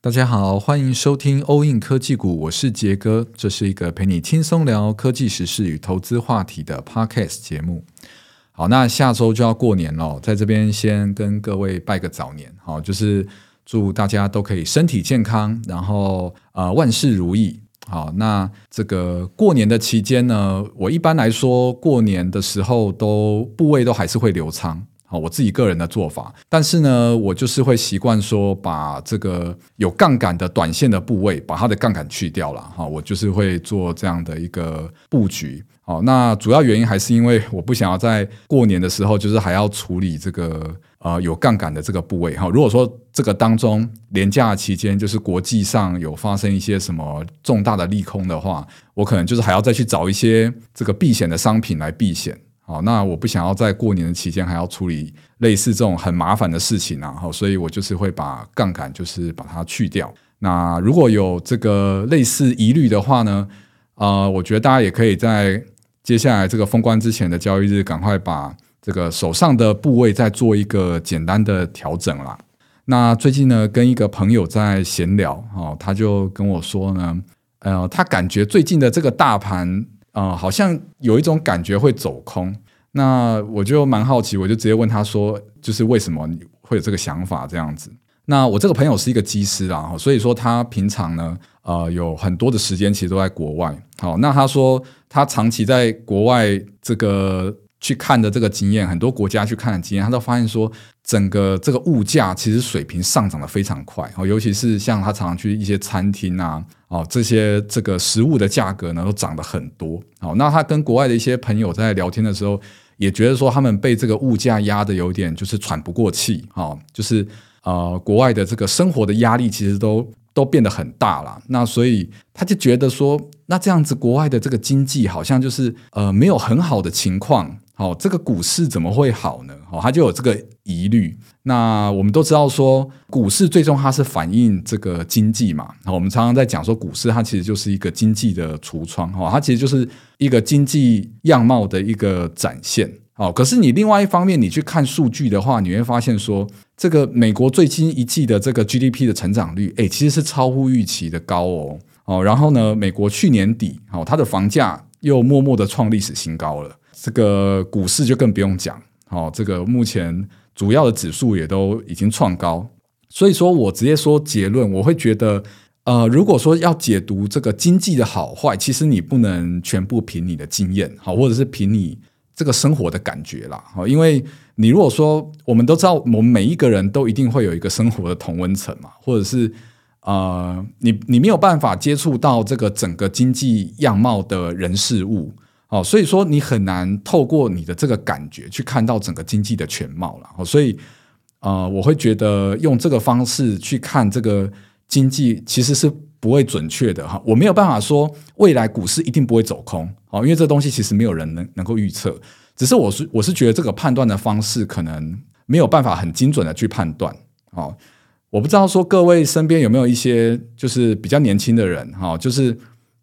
大家好，歡迎收聽歐印科技股，我是傑哥，這是一個陪你輕鬆聊科技時事與投資話題的 podcast 節目。好，那下周就要過年了，在這邊先跟各位拜個早年，好，就是祝大家都可以身體健康，然後呃萬事如意。好，那這個過年的期間呢，我一般來說過年的時候都部位都還是會留倉。啊，我自己個人的做法，但是呢，我就是會習慣說，把這個有槓桿的短線的部位，把它的槓桿去掉了。哈，我就是會做這樣的一個布局。好，那主要原因還是因為我不想要在過年的時候，就是還要處理這個呃有槓桿的這個部位。哈，如果說這個當中連假期間，就是國際上有發生一些什麼重大的利空的話，我可能就是還要再去找一些這個避險的商品來避險。好，那我不想要在過年的期間還要處理類似這種很麻煩的事情然後，所以我就是會把槓桿就是把它去掉。那如果有這個類似疑慮的話呢，呃，我覺得大家也可以在接下來這個封關之前的交易日，趕快把這個手上的部位再做一個簡單的調整啦。那最近呢，跟一個朋友在閒聊，哦，他就跟我說呢，呃，他感覺最近的這個大盤。啊、呃，好像有一種感覺會走空，那我就蠻好奇，我就直接問他說，就是為什麼你會有這個想法這樣子？那我這個朋友是一個機師啊，所以說他平常呢，呃，有很多的時間其實都在國外。好，那他說他長期在國外這個。去看的這個經驗，很多國家去看的經驗，他都發現說，整個這個物價其實水平上漲得非常快，哦，尤其是像他常常去一些餐廳啊，哦，這些這個食物的價格呢都漲得很多，哦，那他跟國外的一些朋友在聊天的時候，也覺得說他們被這個物價壓得有點就是喘不過氣，哦，就是呃，國外的這個生活的壓力其實都都變得很大了，那所以他就覺得說，那這樣子國外的這個經濟好像就是呃沒有很好的情況。哦，這個股市怎麼會好呢？哦，它就有這個疑慮。那我們都知道說，股市最終它是反映這個經濟嘛。哦，我們常常在講說，股市它其實就是一個經濟的櫥窗，哦，它其實就是一個經濟樣貌的一個展現。哦，可是你另外一方面，你去看數據的話，你會發現說，這個美國最近一季的這個 GDP 的成長率，誒，其實是超乎預期的高哦。哦，然後呢，美國去年底，哦，它的房價又默默的創歷史新高了。這個股市就更不用講，好，這個目前主要的指數也都已經創高，所以說我直接說結論，我會覺得，呃，如果說要解讀這個經濟的好壞，其實你不能全部憑你的經驗，好，或者是憑你這個生活的感覺啦，好，因為你如果說我們都知道，我們每一個人都一定會有一個生活的同溫層嘛，或者是呃，你你沒有辦法接觸到這個整個經濟樣貌的人事物。哦，所以說你很難透過你的這個感覺去看到整個經濟的全貌了。所以，呃，我會覺得用這個方式去看這個經濟其實是不會準確的哈。我沒有辦法說未來股市一定不會走空，哦，因為這東西其實沒有人能能夠預測。只是我是我是覺得這個判斷的方式可能沒有辦法很精準的去判斷。哦，我不知道說各位身邊有沒有一些就是比較年輕的人哈，就是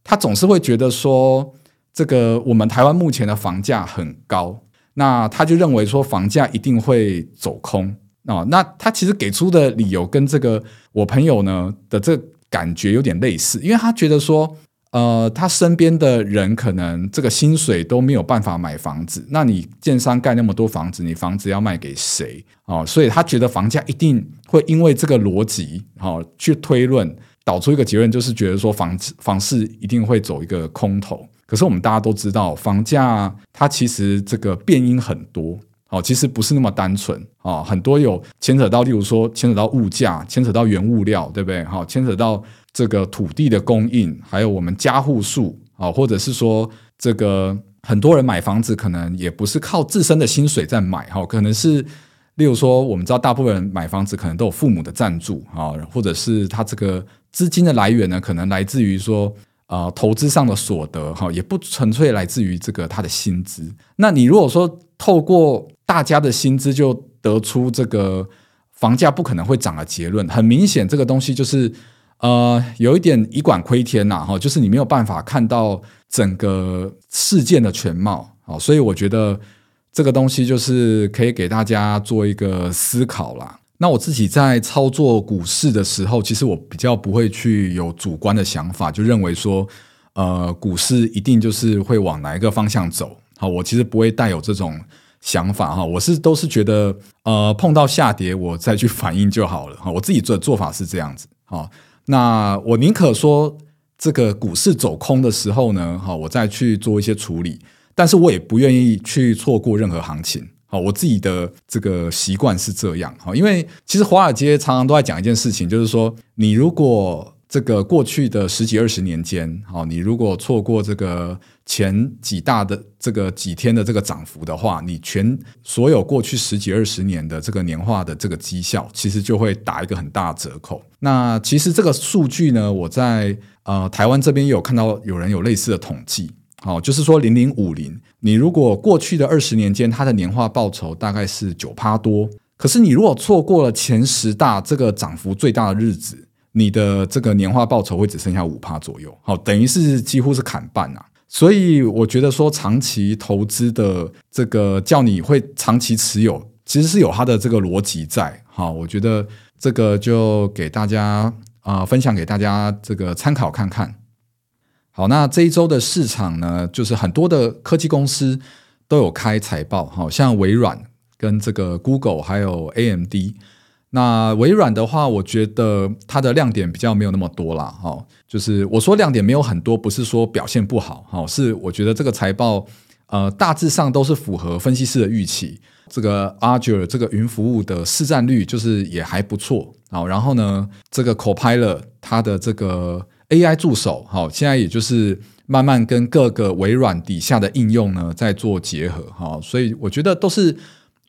他總是會覺得說。這個我們台灣目前的房價很高，那他就認為說房價一定會走空啊、哦。那他其實給出的理由跟這個我朋友呢的這個感覺有點類似，因為他覺得說，呃，他身邊的人可能這個薪水都沒有辦法買房子，那你建商蓋那麼多房子，你房子要賣給誰、哦、所以他覺得房價一定會因為這個邏輯，好、哦、去推論導出一個結論，就是覺得說房房市一定會走一個空頭。可是我們大家都知道，房價它其實這個變因很多，好，其實不是那麼單純啊，很多有牽扯到，例如說牽扯到物價，牽扯到原物料，對不對？好，牽扯到這個土地的供應，還有我們家戶數，好，或者是說這個很多人買房子可能也不是靠自身的薪水在買哈，可能是例如說我們知道大部分人買房子可能都有父母的贊助啊，或者是他這個資金的來源呢，可能來自於說。啊、呃，投資上的所得哈，也不純粹來自於這個他的薪資。那你如果說透過大家的薪資就得出這個房價不可能會漲的結論，很明顯這個東西就是呃有一點以管窺天吶、啊、哈，就是你沒有辦法看到整個事件的全貌啊。所以我覺得這個東西就是可以給大家做一個思考啦。那我自己在操作股市的時候，其實我比較不會去有主觀的想法，就認為說，呃，股市一定就是會往哪一個方向走。好，我其實不會帶有這種想法哈，我是都是覺得，呃，碰到下跌我再去反應就好了哈。我自己做的做法是這樣子，好，那我寧可說這個股市走空的時候呢，好，我再去做一些處理，但是我也不願意去錯過任何行情。我自己的這個習慣是這樣。哈，因為其實華爾街常常都在講一件事情，就是說，你如果這個過去的十幾二十年間，哈，你如果錯過這個前幾大的這個幾天的這個漲幅的話，你全所有過去十幾二十年的這個年化的這個績效，其實就會打一個很大的折扣。那其實這個數據呢，我在呃台灣這邊也有看到有人有類似的統計。哦，就是說零零五零，你如果過去的二十年間，它的年化報酬大概是九趴多，可是你如果錯過了前十大這個漲幅最大的日子，你的這個年化報酬會只剩下五趴左右，好，等於是幾乎是砍半吶、啊。所以我覺得說，長期投資的這個叫你會長期持有，其實是有它的這個邏輯在。哈，我覺得這個就給大家啊、呃、分享給大家這個參考看看。好，那這一周的市場呢，就是很多的科技公司都有開財報，好像微軟跟這個 Google 還有 AMD。那微軟的話，我覺得它的亮點比較沒有那麼多啦。哈，就是我說亮點沒有很多，不是說表現不好，哈，是我覺得這個財報呃大致上都是符合分析師的預期。這個 Azure 這個雲服務的市占率就是也還不錯，好，然後呢，這個 Copilot 它的這個。AI 助手，好，現在也就是慢慢跟各個微軟底下的應用呢在做結合，哈，所以我覺得都是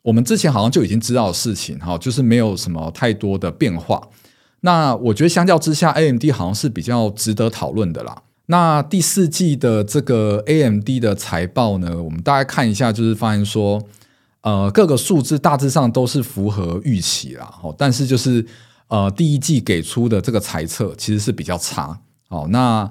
我們之前好像就已經知道的事情，哈，就是沒有什麼太多的變化。那我覺得相較之下，AMD 好像是比較值得討論的啦。那第四季的這個 AMD 的財報呢，我們大概看一下，就是發現說，呃，各個數字大致上都是符合預期啦，哦，但是就是呃，第一季給出的這個財測其實是比較差。好，那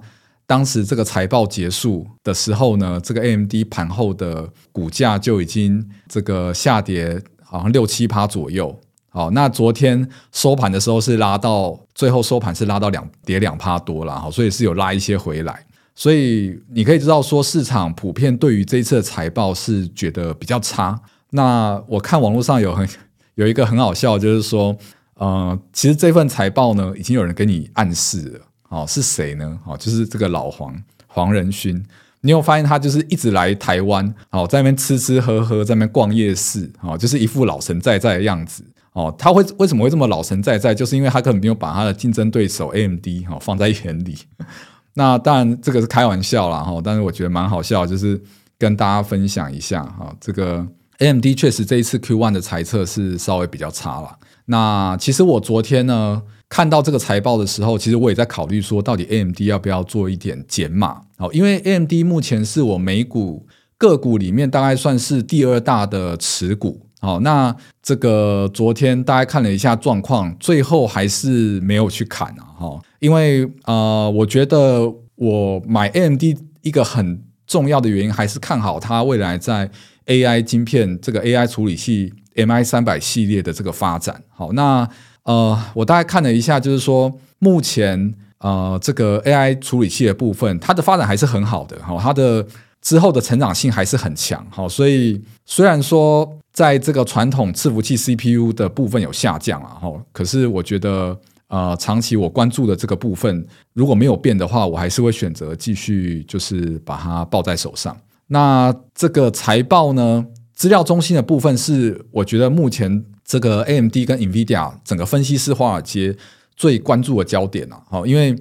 當時這個財報結束的時候呢，這個 AMD 盤後的股價就已經這個下跌，好像六七趴左右。好，那昨天收盤的時候是拉到，最後收盤是拉到兩跌兩趴多了，好，所以是有拉一些回來。所以你可以知道說，市場普遍對於這一次的財報是覺得比較差。那我看網絡上有很有一個很好笑，就是說，嗯、呃，其實這份財報呢，已經有人給你暗示了。哦，是誰呢？哦，就是這個老黃黃仁勳。你有發現他就是一直來台灣，哦，在那邊吃吃喝喝，在那邊逛夜市，哦，就是一副老神在在的樣子。哦，他會為什麼會這麼老神在在？就是因為他可能沒有把他的競爭對手 A M D 哈、哦、放在眼裡。 那當然這個是開玩笑啦。哈、哦，但是我覺得蠻好笑，就是跟大家分享一下哈、哦。這個 A M D 確實這一次 Q1 的財測是稍微比較差了。那其實我昨天呢看到這個財報的時候，其實我也在考慮說，到底 AMD 要不要做一點減碼？哦，因為 AMD 目前是我美股個股裡面大概算是第二大的持股。哦，那這個昨天大概看了一下狀況，最後還是沒有去砍哈，哦，因為，呃，我覺得我買 AMD 一個很重要的原因還是看好它未來在 AI 晶片這個 AI 處理器 MI300 系列的這個發展，好，那呃，我大概看了一下，就是說目前呃這個 AI 處理器的部分，它的發展還是很好的，好，它的之後的成長性還是很強，好，所以雖然說在這個傳統伺服器 CPU 的部分有下降啊，哈，可是我覺得呃長期我關注的這個部分如果沒有變的話，我還是會選擇繼續就是把它抱在手上。那這個財報呢，資料中心的部分是我覺得目前這個 AMD 跟 NVIDIA 整個分析師華爾街最關注的焦點了，啊哦。因為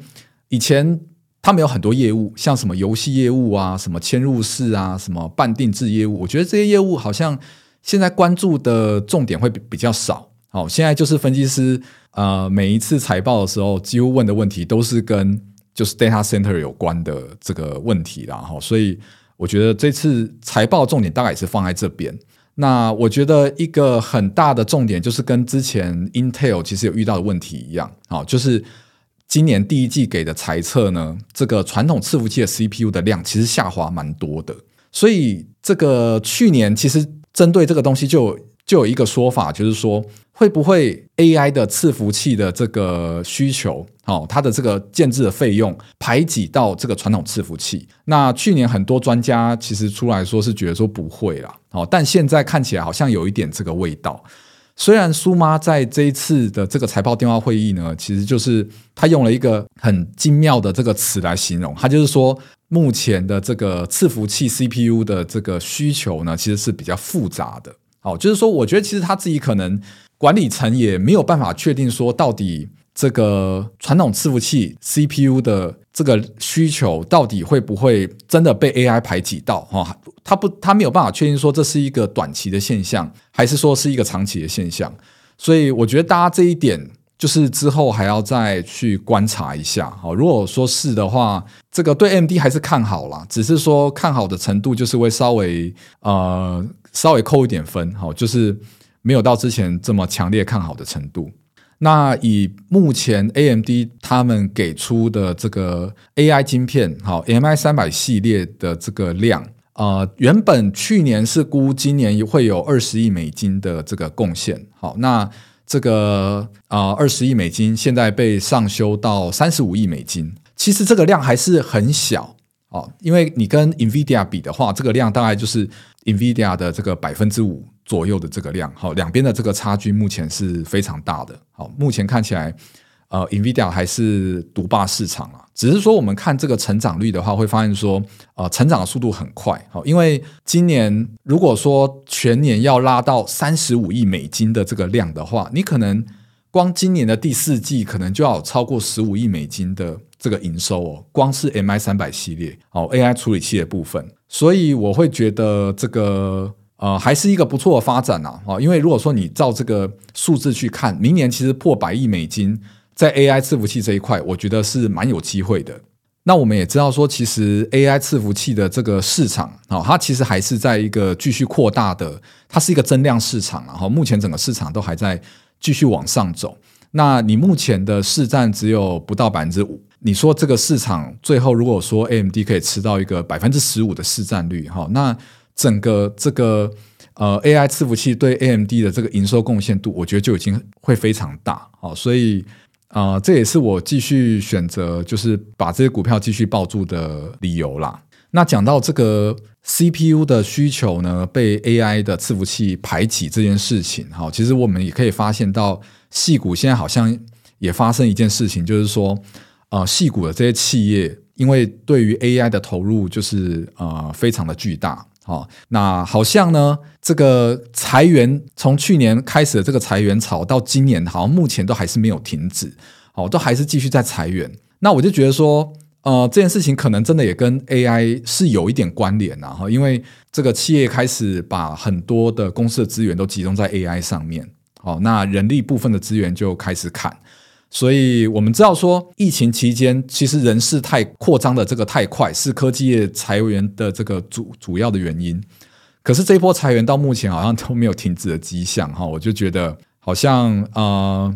以前他們有很多業務，像什麼遊戲業務啊，什麼嵌入式啊，什麼半定制業務，我覺得這些業務好像現在關注的重點會比較少。好、哦，現在就是分析師呃每一次財報的時候，幾乎問的問題都是跟就是 Data Center 有關的這個問題啦。哦、所以。我覺得這次財報重點大概也是放在這邊。那我覺得一個很大的重點就是跟之前 Intel 其實有遇到的問題一樣，啊，就是今年第一季給的財測呢，這個傳統伺服器的 CPU 的量其實下滑蠻多的，所以這個去年其實針對這個東西就。就有一個說法，就是說會不會 AI 的伺服器的這個需求，哦，它的這個建置的費用排擠到這個傳統伺服器？那去年很多專家其實出來說是覺得說不會啦，哦，但現在看起來好像有一點這個味道。雖然蘇媽在這一次的這個財報電話會議呢，其實就是她用了一個很精妙的這個詞來形容，她就是說目前的這個伺服器 CPU 的這個需求呢，其實是比較複雜的。哦，就是說，我覺得其實他自己可能管理層也沒有辦法確定說，到底這個傳統伺服器 CPU 的這個需求到底會不會真的被 AI 排擠到哈、哦？他不，他沒有辦法確定說這是一個短期的現象，還是說是一個長期的現象。所以，我覺得大家這一點。就是之後還要再去觀察一下，好，如果說是的話，這個對 AMD 還是看好啦，只是說看好的程度就是會稍微呃稍微扣一點分，好，就是沒有到之前這麼強烈看好的程度。那以目前 AMD 他們給出的這個 AI 晶片，好，MI 三百系列的這個量，呃原本去年是估今年會有二十億美金的這個貢獻，好，那。這個啊，二十億美金現在被上修到三十五億美金，其實這個量還是很小哦，因為你跟 Nvidia 比的話，這個量大概就是 Nvidia 的這個百分之五左右的這個量，好，兩邊的這個差距目前是非常大的，好，目前看起來。呃、uh，NVIDIA 還是獨霸市場啊，只是說我們看這個成長率的話，會發現說，呃，成長的速度很快哦。因為今年如果說全年要拉到三十五億美金的這個量的話，你可能光今年的第四季可能就要超過十五億美金的這個營收哦。光是 MI 300系列哦，AI 處理器的部分，所以我會覺得這個呃還是一個不錯的發展啊。哦，因為如果說你照這個數字去看，明年其實破百億美金，在 AI 伺服器這一塊，我覺得是蠻有機會的。那我們也知道說，其實 AI 伺服器的這個市場啊，它其實還是在一個繼續擴大的，它是一個增量市場，然後目前整個市場都還在繼續往上走。那你目前的市占只有不到百分之五，你說這個市場最後如果說 AMD 可以吃到一個百分之十五的市占率，哈，那整個這個呃 AI 伺服器對 AMD 的這個營收貢獻度，我覺得就已經會非常大啊，所以。啊、呃，這也是我繼續選擇就是把這些股票繼續抱住的理由啦。那講到這個 CPU 的需求呢，被 AI 的伺服器排擠這件事情，好，其實我們也可以發現到，矽谷現在好像也發生一件事情，就是說，呃，矽谷的這些企業，因為對於 AI 的投入就是呃非常的巨大。好，那好像呢，這個裁員從去年開始的這個裁員潮到今年，好像目前都還是沒有停止，好，都還是繼續在裁員。那我就覺得說，呃，這件事情可能真的也跟 AI 是有一點關聯啊，哈，因為這個企業開始把很多的公司的資源都集中在 AI 上面，好，那人力部分的資源就開始砍。所以，我們知道說，疫情期間其實人事太擴張的這個太快，是科技業裁員的這個主主要的原因。可是，這一波裁員到目前好像都沒有停止的跡象，哈，我就覺得好像呃，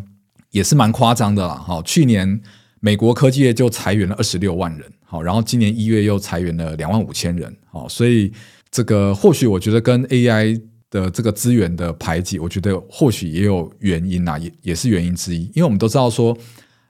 也是蠻誇張的啦，哈。去年美國科技業就裁員了二十六萬人，哈，然後今年一月又裁員了兩萬五千人，哈，所以這個或許我覺得跟 AI。的這個資源的排擠，我覺得或許也有原因吶、啊，也也是原因之一。因為我們都知道說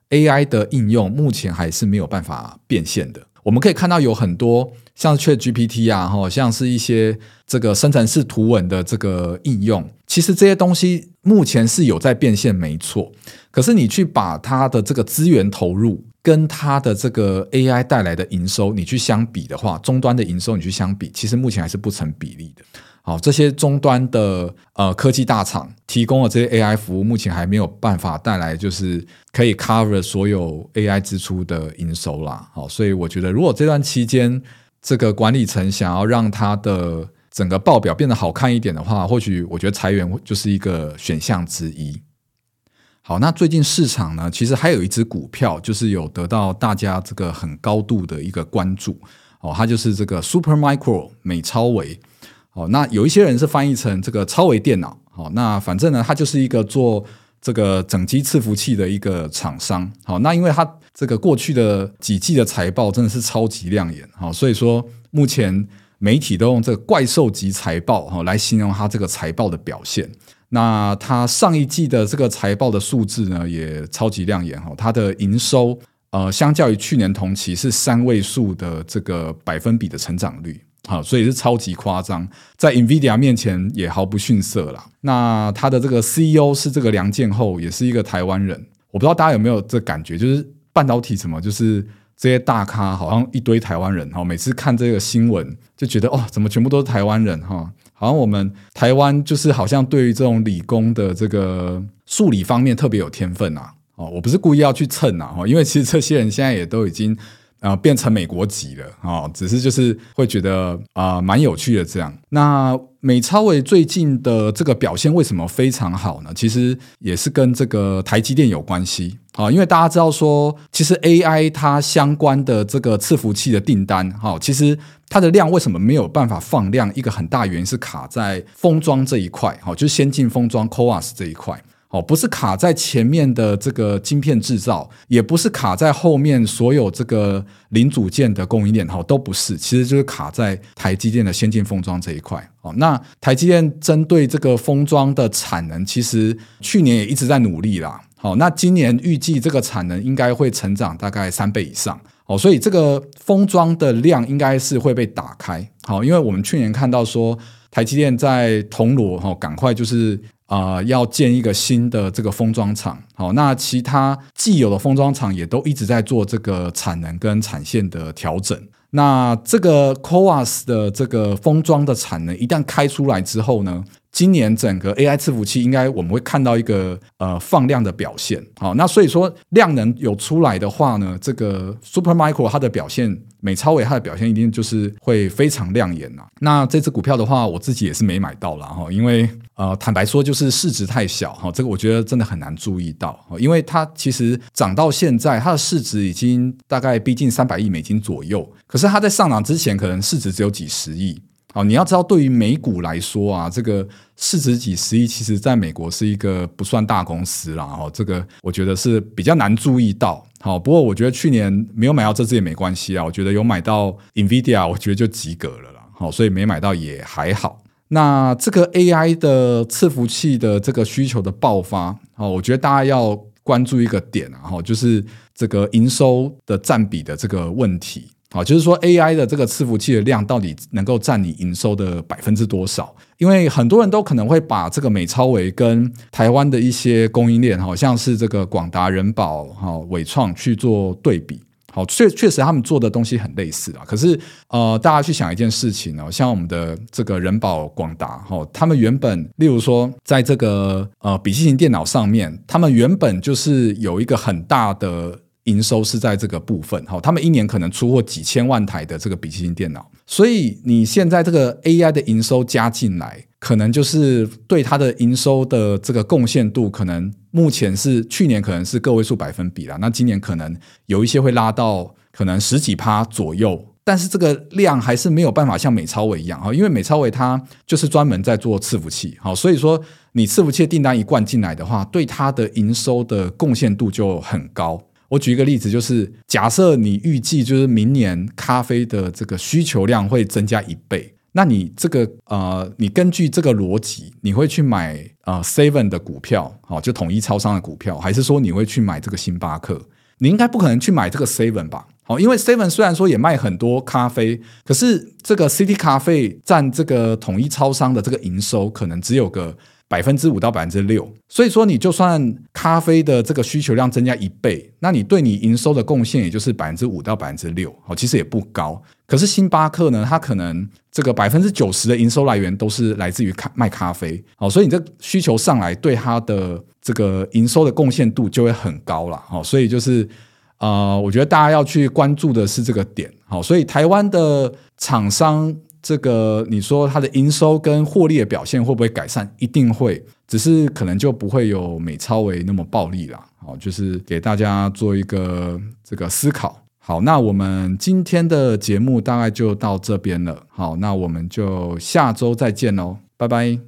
，AI 的應用目前還是沒有辦法變現的。我們可以看到有很多像 ChatGPT 啊，哈、哦，像是一些這個生成式圖文的這個應用，其實這些東西目前是有在變現，沒錯。可是你去把它的這個資源投入跟它的這個 AI 帶來的營收，你去相比的話，終端的營收你去相比，其實目前還是不成比例的。好，這些終端的呃科技大廠提供了這些 AI 服務，目前還沒有辦法帶來就是可以 cover 所有 AI 支出的營收啦。好，所以我覺得如果這段期間這個管理層想要讓他的整個報表變得好看一點的話，或許我覺得裁員就是一個選項之一。好，那最近市場呢，其實還有一隻股票就是有得到大家這個很高度的一個關注哦，它就是這個 Super Micro 美超微。哦，那有一些人是翻譯成這個超微電腦，好，那反正呢，它就是一個做這個整機伺服器的一個廠商，好，那因為它這個過去的幾季的財報真的是超級亮眼，好，所以說目前媒體都用這個怪獸級財報哈來形容它這個財報的表現。那它上一季的這個財報的數字呢，也超級亮眼哈，它的營收呃，相較於去年同期是三位數的這個百分比的成長率。好、哦、所以是超級誇張，在 Nvidia 面前也毫不遜色了。那他的這個 CEO 是這個梁見後，也是一個台灣人。我不知道大家有沒有這感覺，就是半導體什麼，就是這些大咖好像一堆台灣人哈、哦。每次看這個新聞就覺得哦，怎麼全部都是台灣人哈、哦？好像我們台灣就是好像對於這種理工的這個數理方面特別有天分啊。哦，我不是故意要去蹭啊、哦、因為其實這些人現在也都已經。啊、呃，變成美國籍了啊、哦，只是就是會覺得啊，蠻、呃、有趣的這樣。那美超微最近的這個表現為什麼非常好呢？其實也是跟這個台積電有關係啊、哦，因為大家知道說，其實 AI 它相關的這個伺服器的訂單，哈、哦，其實它的量為什麼沒有辦法放量？一個很大原因是卡在封裝這一塊，哈、哦，就是先進封裝 CoWoS 這一塊。哦，不是卡在前面的這個晶片製造，也不是卡在後面所有這個零組件的供應鏈，哈，都不是，其實就是卡在台積電的先進封裝這一塊。哦，那台積電針對這個封裝的產能，其實去年也一直在努力啦。好，那今年預計這個產能應該會成長大概三倍以上。哦，所以這個封裝的量應該是會被打開。好，因為我們去年看到說台積電在銅鑼，哈，趕快就是。啊、呃，要建一個新的這個封裝廠，好，那其他既有的封裝廠也都一直在做這個產能跟產線的調整。那這個 CoWoS 的這個封裝的產能一旦開出來之後呢，今年整個 AI 伺服器應該我們會看到一個呃放量的表現。好，那所以說量能有出來的話呢，這個 Supermicro 它的表現。美超微它的表現一定就是會非常亮眼吶、啊。那這只股票的話，我自己也是沒買到啦。哈，因為呃，坦白說就是市值太小哈、哦，這個我覺得真的很難注意到、哦。因為它其實漲到現在，它的市值已經大概逼近三百億美金左右，可是它在上漲之前，可能市值只有幾十億。哦，你要知道，對於美股來說啊，這個市值幾十億，其實在美國是一個不算大公司啦哈、哦。這個我覺得是比較難注意到。好，不過我覺得去年沒有買到，這次也沒關係啊。我覺得有買到 Nvidia，我覺得就及格了啦，好，所以沒買到也還好。那這個 AI 的伺服器的這個需求的爆發，哦，我覺得大家要關注一個點啊，哈，就是這個營收的占比的這個問題。好，就是說 AI 的這個伺服器的量到底能夠占你營收的百分之多少？因為很多人都可能會把這個美超微跟台灣的一些供應鏈，好像是這個廣達、仁寶、好緯創，去做對比。好，確確實他們做的東西很類似啊。可是，呃，大家去想一件事情哦，像我們的這個仁寶、廣達，哦，他們原本，例如說，在這個呃筆記型電腦上面，他們原本就是有一個很大的。營收是在這個部分，哈，他們一年可能出貨幾千萬台的這個筆記型電腦，所以你現在這個 AI 的營收加進來，可能就是對它的營收的這個貢獻度，可能目前是去年可能是個位數百分比啦，那今年可能有一些會拉到可能十幾趴左右，但是這個量還是沒有辦法像美超微一樣啊，因為美超微它就是專門在做伺服器，好，所以說你伺服器訂單一灌進來的話，對它的營收的貢獻度就很高。我舉一個例子，就是假設你預計就是明年咖啡的這個需求量會增加一倍，那你這個呃，你根據這個邏輯，你會去買呃 Seven 的股票，好，就統一超商的股票，還是說你會去買這個星巴克？你應該不可能去買這個 Seven 吧？好，因為 Seven 雖然說也賣很多咖啡，可是這個 City 咖啡佔這個統一超商的這個營收可能只有個，百分之五到百分之六，所以說你就算咖啡的這個需求量增加一倍，那你對你營收的貢獻也就是百分之五到百分之六，哦，其實也不高。可是星巴克呢，它可能這個百分之九十的營收來源都是來自於賣咖啡，哦，所以你這需求上來對它的這個營收的貢獻度就會很高了，哦，所以就是，呃，我覺得大家要去關注的是這個點，哦，所以台灣的廠商。這個，你說它的營收跟獲利的表現會不會改善？一定會，只是可能就不會有美超微那麼暴利了。好，就是給大家做一個這個思考。好，那我們今天的節目大概就到這邊了。好，那我們就下周再見嘍，拜拜。